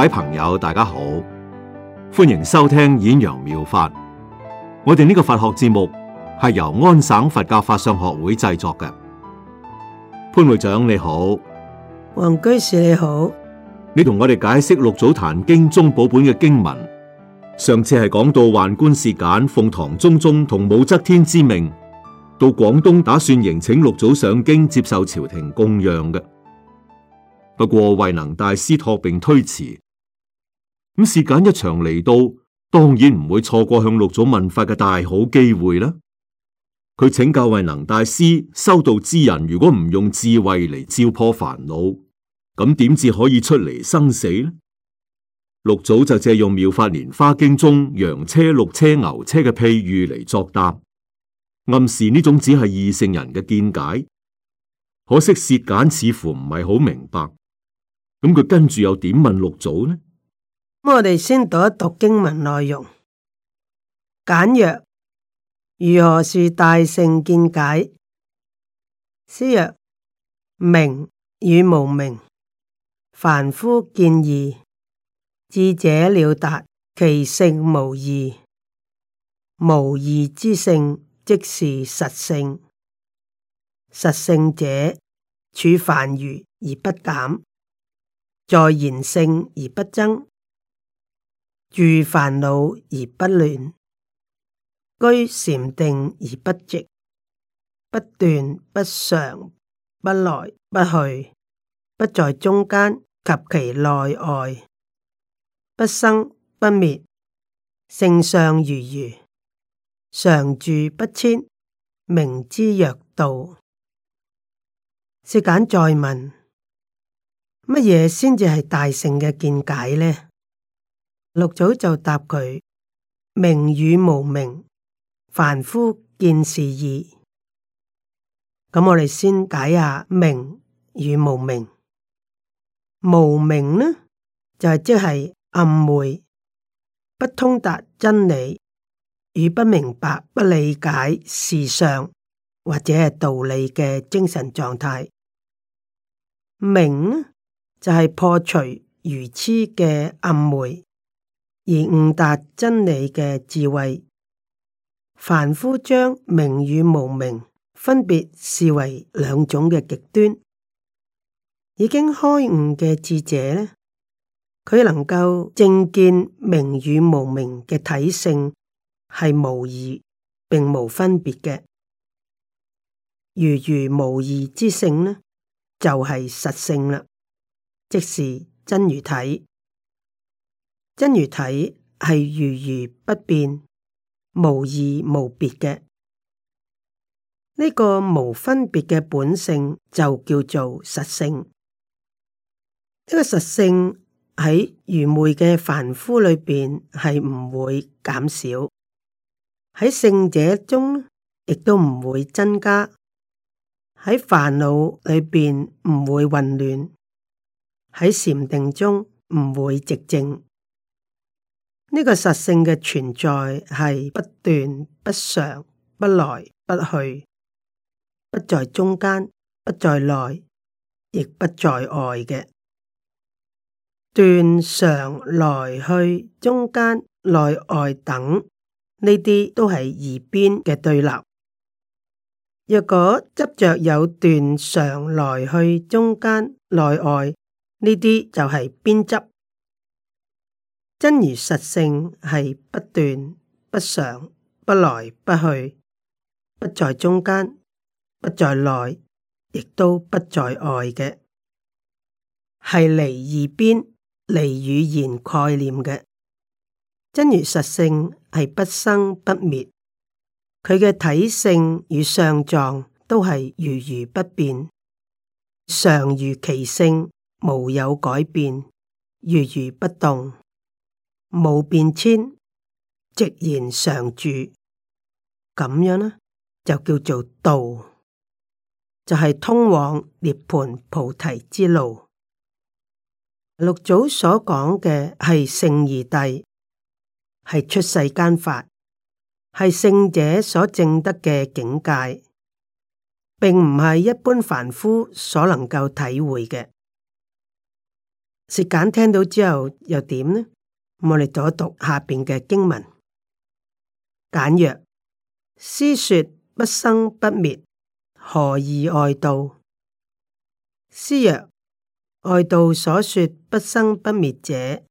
各位朋友，大家好，歡迎收聽演揚妙，妙法。我哋呢個佛學節目係由安省佛教法相學會製作嘅。潘會長你好，黃居士你好，你同我哋解釋六祖壇經宗寶本本嘅經文。上次係講到宦官事簡，奉唐中宗同武則天之命，到廣東打算迎請六祖上京接受朝廷供養嘅。不過慧能大師託並推遲。咁薛簡一場嚟到，當然唔會錯過向六祖問法嘅大好機會啦。佢請教慧能大師，修道之人如果唔用智慧嚟照破煩惱，咁點至可以出嚟生死呢？六祖就借用妙法蓮花經中羊車、鹿車、牛車嘅譬喻嚟作答，暗示呢種只係異性人嘅見解。可惜薛簡似乎唔係好明白，咁佢跟住又點問六祖呢？咁我哋先讀一讀經文內容。簡曰：如何是大聖見解？師曰：明與無明，凡夫見異，智者了達其性無異。無異之性，即是實性。實性者，處凡愚而不減，在賢聖而不增。住煩惱而不亂，居禪定而不寂，不斷不常，不來不去，不在中間及其內外，不生不滅，性相如如，常住不遷，名之曰道。薛簡再問，乜嘢先至係大乘嘅見解呢？六祖就答佢：明與無明，凡夫見是二。咁我哋先解下明與無明。無明呢，就係即係暗昧，不通達真理與不明白、不理解事上或者係道理嘅精神狀態。明呢，就係、是、破除愚痴嘅暗昧。而悟達真理嘅智慧，凡夫將明與無明分別視為兩種嘅極端，已經開悟嘅智者呢，佢能夠正見明與無明嘅體性係無異，並無分別嘅。如如無異之性呢，就係實性啦，即是真如體。真如體係如如不變、無二無別嘅。呢、這個無分別嘅本性就叫做實性。呢、這個實性喺愚昧嘅凡夫裏邊係唔會減少，喺聖者中亦都唔會增加，喺煩惱裏邊唔會混亂，喺禪定中唔會寂靜。呢個實性嘅存在係不斷、不常、不來、不去，不在中間、不在內，亦不在外嘅。斷常來去、中間內外等，呢啲都係二邊嘅對立。若果執着有斷常來去、中間內外，呢啲就係邊執。真如實性係不斷、不常、不來、不去、不在中間、不在內，亦都不在外嘅，係離二邊、離語言概念嘅。真如實性係不生不滅，佢嘅體性與相狀都係如如不變，常如其性，無有改變，如如不動。無變遷，直言常住，咁樣呢就叫做道，就係、是、通往涅槃菩提之路。六祖所講嘅係聖義諦，係出世間法，係聖者所證得嘅境界，並唔係一般凡夫所能夠體會嘅。食簡聽到之後又點呢？我哋再讀，讀下邊嘅經文。簡曰師說不生不滅，何以外道？師曰：「外道所說不生不滅者，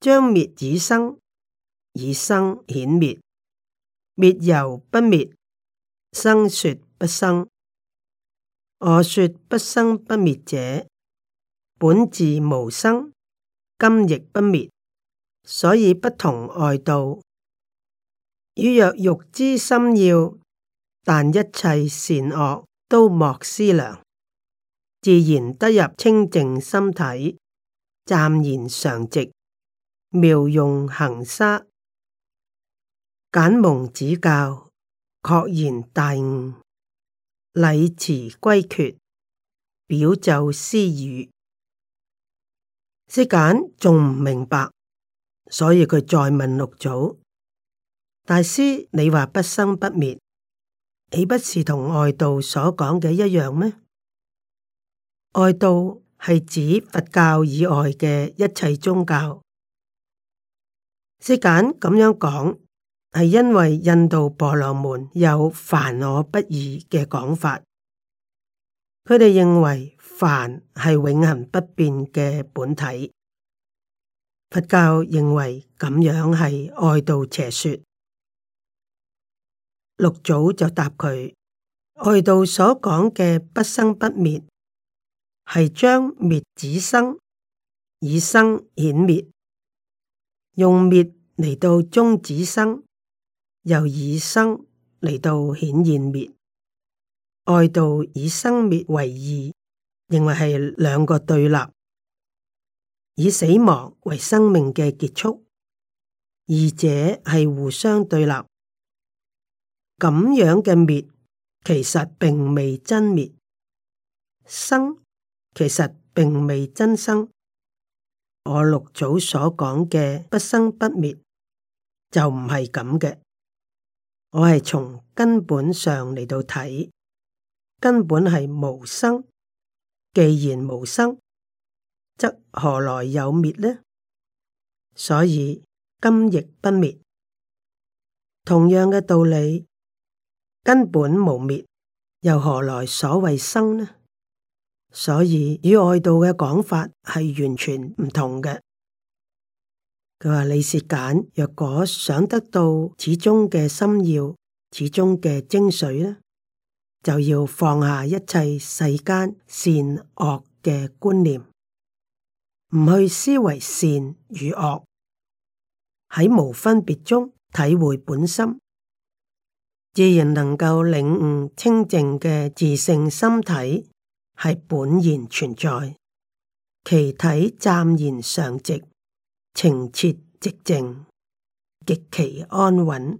將滅以生，以生顯滅，滅猶不滅，生說不生。我說不生不滅者，本自無生，今亦不滅。所以不同外道，汝若欲知心要，但一切善惡都莫思量，自然得入清淨心體，湛然常寂，妙用恆沙。簡蒙指教，豁然大悟，禮辭歸闕，表奏師語，薛簡仲唔明白。所以佢再問六祖大師：你話不生不滅，豈不是同外道所講嘅一樣咩？外道係指佛教以外嘅一切宗教。薛簡咁樣講，係因為印度婆羅門有梵我不二嘅講法，佢哋認為梵係永恆不變嘅本體。佛教認為咁樣係愛道邪說，六祖就答佢：愛道所講嘅不生不滅，係將滅止生，以生顯滅；用滅嚟到終止生，又以生嚟到顯現滅。愛道以生滅為二，認為係兩個對立。以死亡為生命嘅結束，二者係互相對立。咁樣嘅滅，其實並未真滅；生，其實並未真生。我六祖所講嘅不生不滅就唔係咁嘅。我係從根本上嚟到睇，根本係無生。既然無生。則何來有滅呢？所以今亦不滅。同樣嘅道理，根本無滅，又何來所謂生呢？所以與外道嘅講法係完全唔同嘅。佢話你是揀，若果想得到始終嘅心要，始終嘅精髓呢，就要放下一切世間善惡嘅觀念。唔去思維善與惡，喺無分別中體會本心，自然能夠領悟清靜嘅自性心體係本然存在，其體湛然常寂，澄澈寂靜，極其安穩。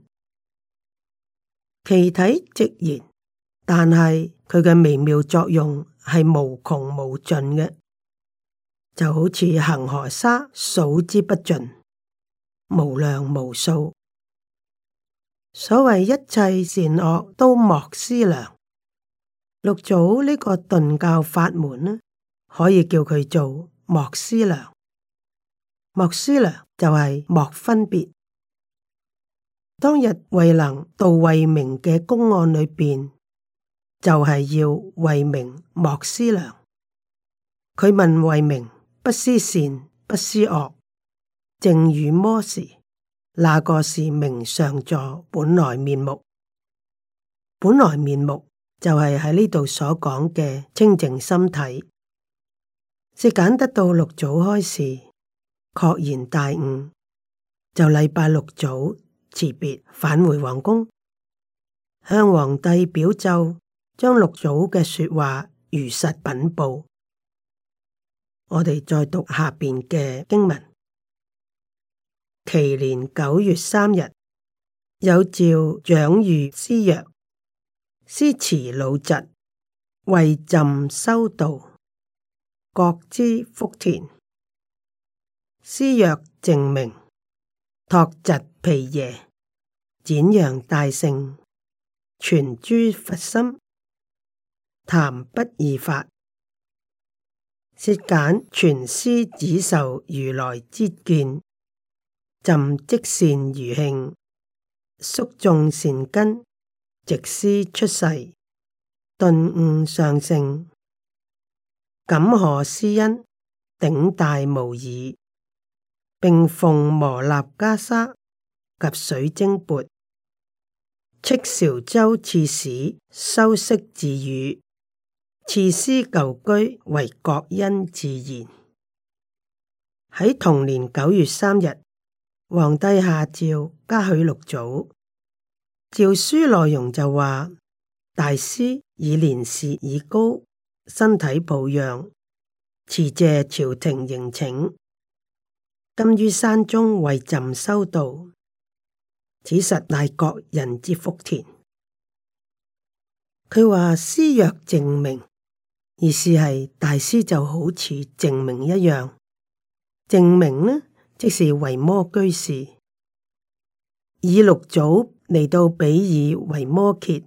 其體寂然，但係佢嘅微妙作用係無窮無盡嘅。就好似恒河沙數之不盡，無量無數。所謂一切善惡都莫思量，六祖呢個頓教法門呢，可以叫佢做莫思量。莫思量就係莫分別。當日慧能到慧明嘅公案裏邊，就係要慧明莫思量。佢問慧明。不思善，不思惡，正與魔時，那個是名上座本來面目？本來面目就係喺呢度所講嘅清淨心體。薛簡得到六祖開示，確然大悟，就禮拜六祖辭別返回皇宮，向皇帝表奏，將六祖嘅說話如實稟報。我哋再讀下邊嘅經文。其年九月三日，有詔獎諭師曰：師辭老疾，為朕修道，國之福田。師若淨名，託疾毗耶，展揚大聖，傳諸佛心，談不二法。薛簡全師子受如來之見，朕即善如慶，宿眾善根，直師出世，頓悟上乘，感荷師恩，頂戴無已，並奉摩納袈裟及水晶鉢，敕韶州刺史，修飾寺宇。賜師舊居為國恩自然。喺同年九月三日，皇帝下詔嘉許六祖。詔書內容就話：大師以年事已高，身體抱恙，辭謝朝廷迎請，今於山中為朕修道。此實乃國人之福田。佢話師若正明。意思係大師就好似淨名一樣，淨名呢，即是維摩居士，以六祖嚟到比爾維摩詰，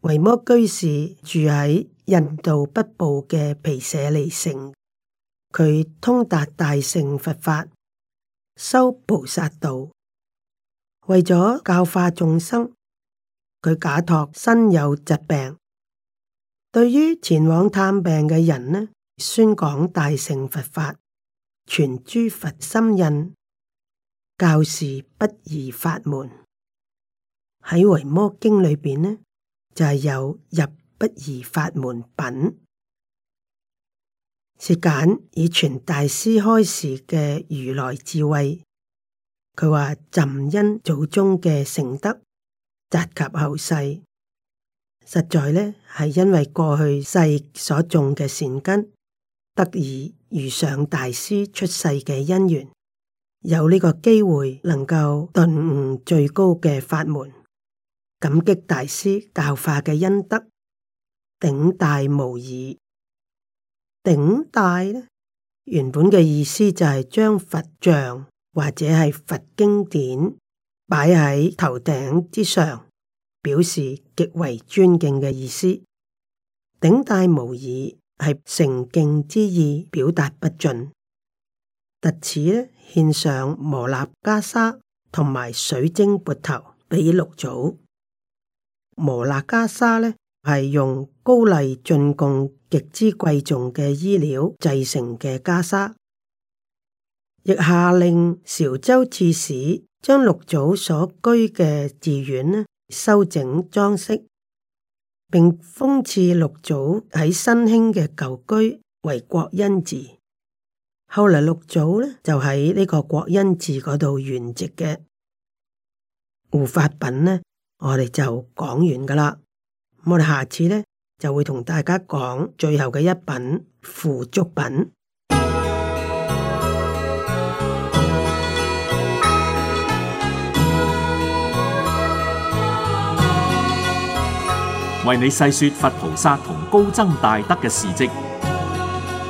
維摩居士住喺印度北部嘅毗舍離城，佢通達大乘佛法，修菩薩道，為咗教化眾生，佢假託身有疾病。對於前往探病嘅人呢，宣講大乘佛法，傳諸佛心印，教示不二法門。喺《維摩經》裏邊呢，就係、是、有《入不二法門品》，是簡以傳大師開示嘅如來智慧。佢話朕因祖宗嘅成德，澤及後世。實在呢，係因為過去世所種嘅善根，得以遇上大師出世嘅因緣，有呢個機會能夠頓悟最高嘅法門，感激大師教化嘅恩德，頂戴無已。頂戴咧，原本嘅意思就係將佛像或者係佛經典擺喺頭頂之上。表示極為尊敬嘅意思，頂戴無已係誠敬之意，表達不盡。特此呢，獻上磨納袈裟同埋水晶缽頭俾六祖。磨納袈裟呢係用高麗進貢極之貴重嘅衣料製成嘅袈裟，亦下令潮州刺史將六祖所居嘅寺院呢，修整裝飾，並封賜六祖喺新興嘅舊居為國恩寺。後來六祖咧就喺呢個國恩寺嗰度圓寂嘅護法品咧，我哋就講完噶啦。我哋下次咧就會同大家講最後嘅一品付囑品。為你細說佛菩薩同高僧大德嘅事迹，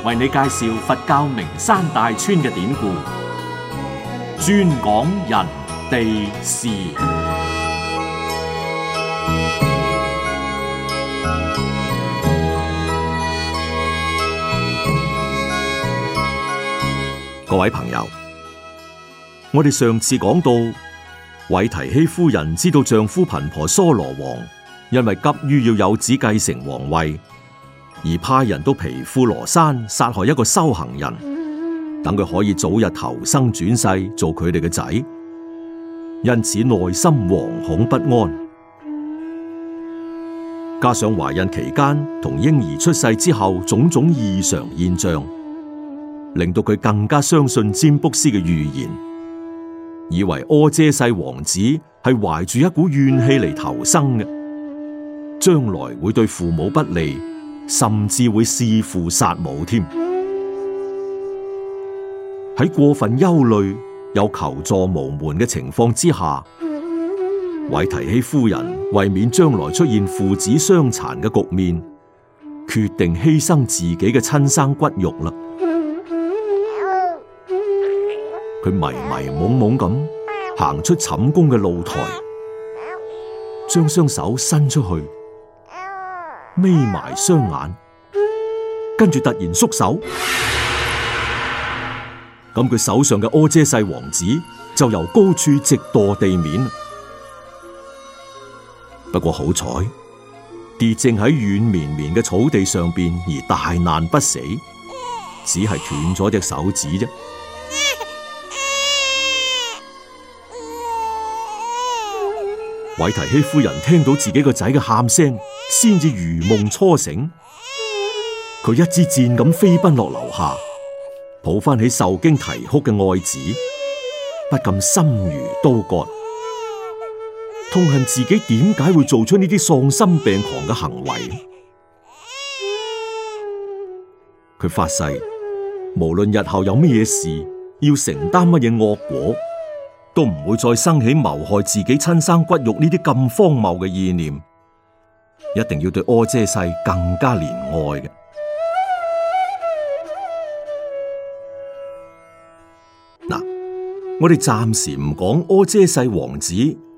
為你介紹佛教名山大川嘅典故，專講人地事。各位朋友，我哋上次講到韋提希夫人知道丈夫頻婆娑羅王。因為急於要有子繼承皇位，而派人到皮富羅山殺害一個修行人，等佢可以早日投生轉世做佢哋嘅仔。因此內心惶恐不安，加上懷孕期間同嬰兒出世之後種種異常現象，令到佢更加相信占卜師嘅預言，以為阿闍世王子係懷住一股怨氣嚟投生嘅。將來會對父母不利，甚至會弒父殺母添。喺 過分憂慮、有求助無門嘅情況之下，韋 提希夫人為免將來出現父子相殘嘅局面，決定犧牲自己嘅親生骨肉啦。佢 迷迷蒙蒙咁行出寢宮嘅露台，將雙手伸出去。眯埋雙眼，跟住突然縮手，咁佢手上嘅阿闍世王子就由高處直墮地面。不過好彩，跌正喺軟綿綿嘅草地上邊而大難不死，只係斷咗隻手指啫。韋提希夫人聽到自己個仔嘅喊聲，先至如夢初醒，佢一支箭咁飛奔落樓下，抱翻起受驚啼哭嘅愛子，不禁心如刀割，痛恨自己點解會做出呢啲喪心病狂嘅行為。佢發誓，無論日後有乜嘢事，要承擔乜嘢惡果，都唔會再生起謀害自己親生骨肉呢啲咁荒謬嘅意念。一定要對阿闍世更加憐愛嘅。嗱，我哋暫時唔講阿闍世王子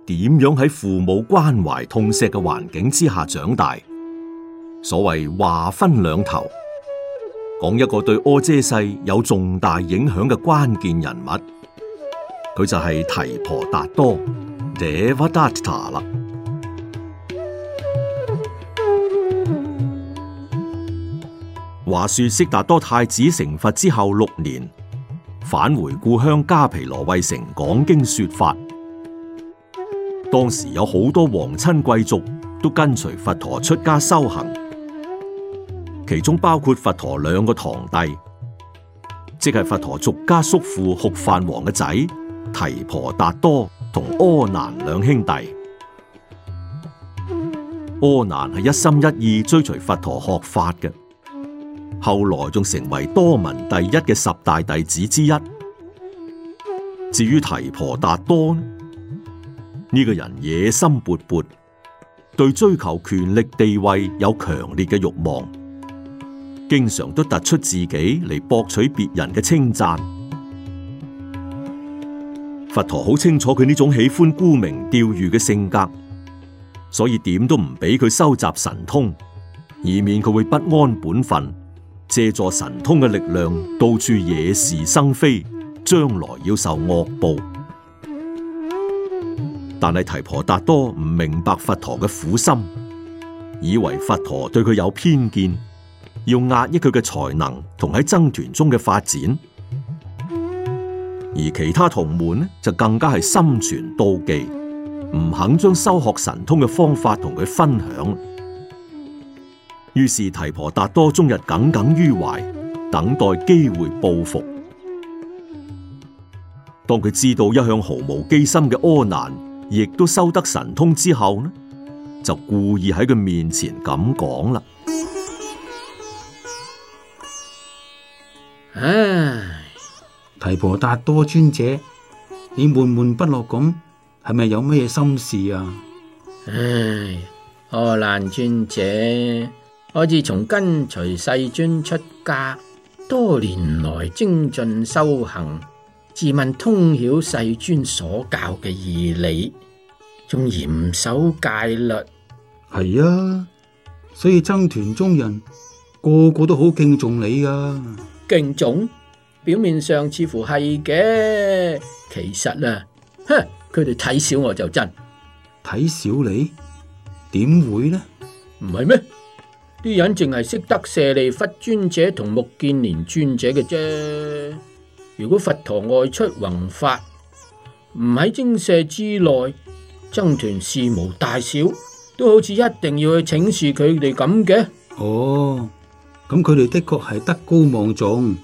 點樣喺父母關懷痛惜嘅環境之下長大。所謂話分兩頭，講一個對阿闍世有重大影響嘅關鍵人物，佢就係提婆達多，Devadatta 啦。話說悉達多太子成佛之後六年，返回故鄉迦毗羅衛城講經說法。當時有好多皇親貴族都跟隨佛陀出家修行，其中包括佛陀兩個堂弟，即係佛陀俗家叔父斛飯王嘅仔提婆達多同阿難兩兄弟。阿難係一心一意追隨佛陀學法嘅。後來仲成為多聞第一嘅十大弟子之一。至於提婆達多呢？呢，呢個人野心勃勃，對追求權力地位有強烈嘅欲望，經常都突出自己嚟博取別人嘅稱讚。佛陀好清楚佢呢種喜歡沽名釣譽嘅性格，所以點都唔俾佢收集神通，以免佢會不安本分。借助神通嘅力量到處惹是生非，將來要受惡報。但係提婆達多唔明白佛陀嘅苦心，以為佛陀對佢有偏見，要壓抑佢嘅才能同喺爭團中嘅發展。而其他同門呢就更加係心存妒忌，唔肯將修學神通嘅方法同佢分享。於是提婆達多終日耿耿於懷，等待機會報復。當佢知道一向毫無機心嘅阿難亦都修得神通之後呢，就故意喺佢面前咁講啦：唉，提婆達多尊者，你悶悶不樂咁，係咪有咩心事啊？唉，阿難尊者。我自從跟隨世尊出家，多年來精進修行，自問通曉世尊所教嘅義理，仲嚴守戒律，係啊，所以僧團中人個個都好敬重你啊。敬重？表面上似乎係嘅，其實啊，哼，佢哋睇小我就真。睇小你？點會呢？唔係咩？啲人淨係識得舍利弗尊者同目犍連尊者嘅啫。如果佛陀外出弘法，唔喺精舍之內，僧團事無大小，都好似一定要去請示佢哋咁嘅。哦，咁佢哋的確係德高望重，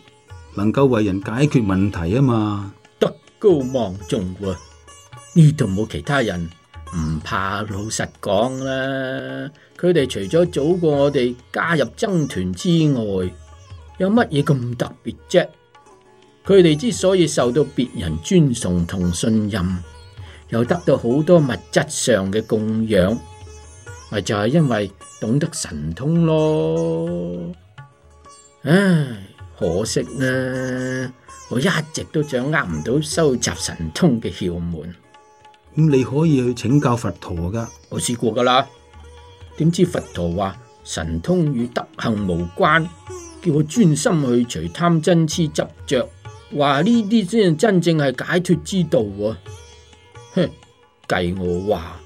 能夠為人解決問題啊嘛。德高望重？呢度冇其他人。唔怕老實講啦，佢哋除咗早過我哋加入僧團之外，有乜嘢咁特別啫？佢哋之所以受到別人尊崇同信任，又得到好多物質上嘅供養，咪就係因為懂得神通咯。唉，可惜呢，我一直都掌握唔到收集神通嘅竅門。咁你可以去請教佛陀噶。我試過噶啦，點知佛陀話神通與德行無關，叫我專心去除貪嗔痴執着，話呢啲先真正係解脫之道。哼，計我話，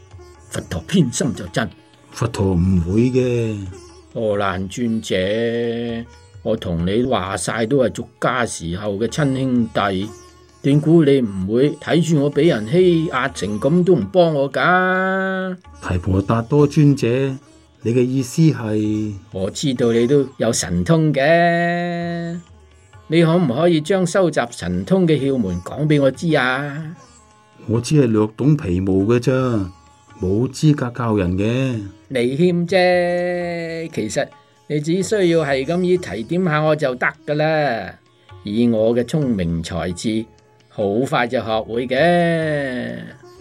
佛陀偏心就真，佛陀唔會嘅，何難尊者，我同你話晒都係俗家時候嘅親兄弟。點估你唔會睇住我畀人欺壓成咁都唔幫我噶。提婆達多尊者，你嘅意思係？我知道你都有神通嘅，你可唔可以將收集神通嘅竅門講畀我知啊？我只係略懂皮毛嘅啫，冇資格教人嘅。你謙啫，其實你只需要係噉意提點下我就得噶啦。以我嘅聰明才智。好快就學會嘅。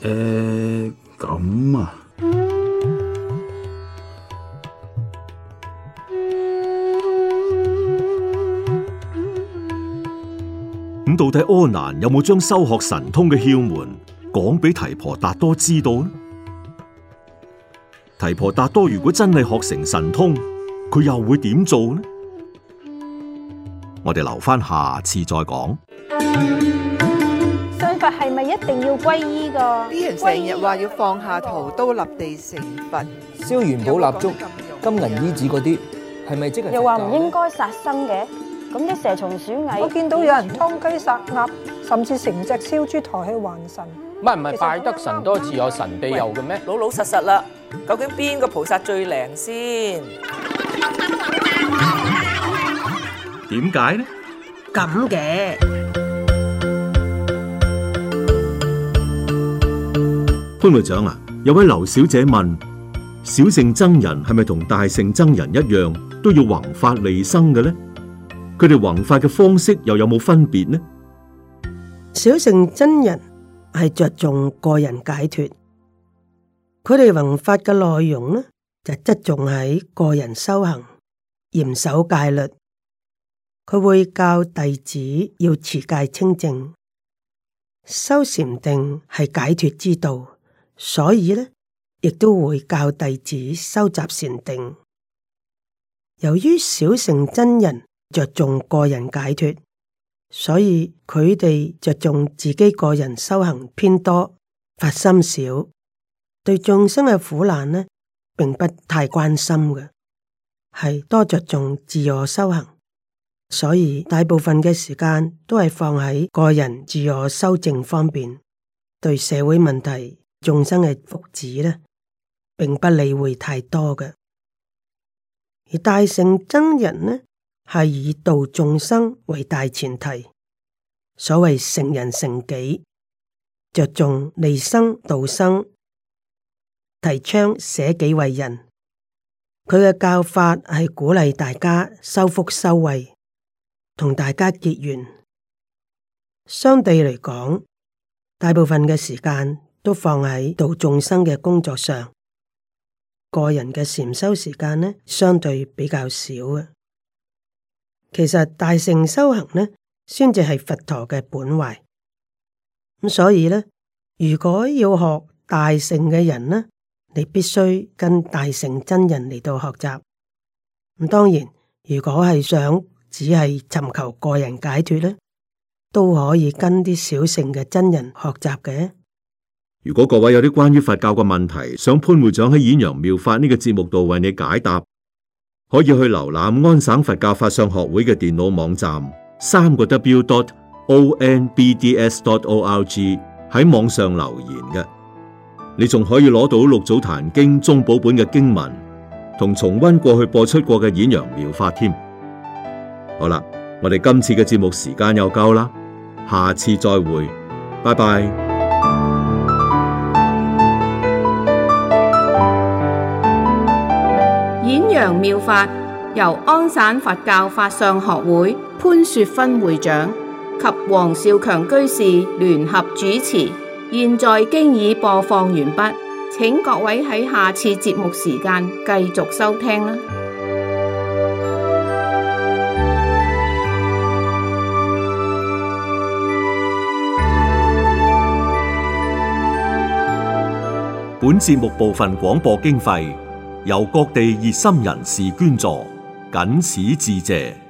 誒，咁啊。咁、啊、到底柯南有冇將修學神通嘅竅門講俾提婆達多知道呢？提婆達多如果真係學成神通，佢又會點做呢？我哋留返下次再講。佛係咪一定要皈依個？啲人成日話要放下屠刀立地成佛，燒元寶蠟燭、金銀衣紙嗰啲，係咪即係？又話唔應該殺生嘅，咁啲蛇蟲鼠蟻，我見到有人劏雞殺鴨，甚至成隻燒豬抬去還神。唔係唔係，拜得神多自有神庇佑嘅咩？老老實實啦，究竟邊個菩薩最靈先？點解呢？咁嘅。潘會長啊，有位劉小姐問：小乘僧人係咪同大乘僧人一樣都要弘法利生嘅咧？佢哋弘法嘅方式又有冇分別呢？小乘僧人係着重個人解脫，佢哋弘法嘅內容呢，就側重喺個人修行、嚴守戒律。佢會教弟子要持戒清淨，修禪定係解脫之道。所以呢，亦都會教弟子收集禪定。由於小乘真人着重個人解脫，所以佢哋着重自己個人修行偏多，發心少，對眾生嘅苦難呢，並不太關心嘅，係多着重自我修行。所以大部分嘅時間都係放喺個人自我修正方面，對社會問題。眾生嘅福祉呢，並不理會太多嘅。而大乘僧人呢，係以度眾生為大前提，所謂成人成己，着重利生度生，提倡捨己為人。佢嘅教法係鼓勵大家修福修慧，同大家結緣。相對嚟講，大部分嘅時間，都放喺度眾生嘅工作上，個人嘅禪修時間呢，相對比較少嘅、啊。其實大乘修行呢，先至係佛陀嘅本懷。咁所以呢，如果要學大乘嘅人呢，你必須跟大乘真人嚟到學習。咁當然，如果係想只係尋求個人解脫呢，都可以跟啲小乘嘅真人學習嘅、啊。如果各位有啲關於佛教嘅問題，想潘會長喺《演揚妙，妙法》呢、這個節目度為你解答，可以去瀏覽安省佛教法相學會嘅電腦網站，三個 W dot O N B D S dot O R G 喺網上留言嘅。你仲可以攞到《六祖壇經》宗寶本嘅經文，同重温過去播出過嘅《演揚妙法》添。好啦，我哋今次嘅節目時間又夠啦，下次再會，拜拜。妙法由安省佛教法上學會潘雪芬會長及黃少強居士聯合主持，現在經已播放完畢，請各位喺下次節目時間繼續收聽啦。本節目部分廣播經費，由各地熱心人士捐助，謹此致謝。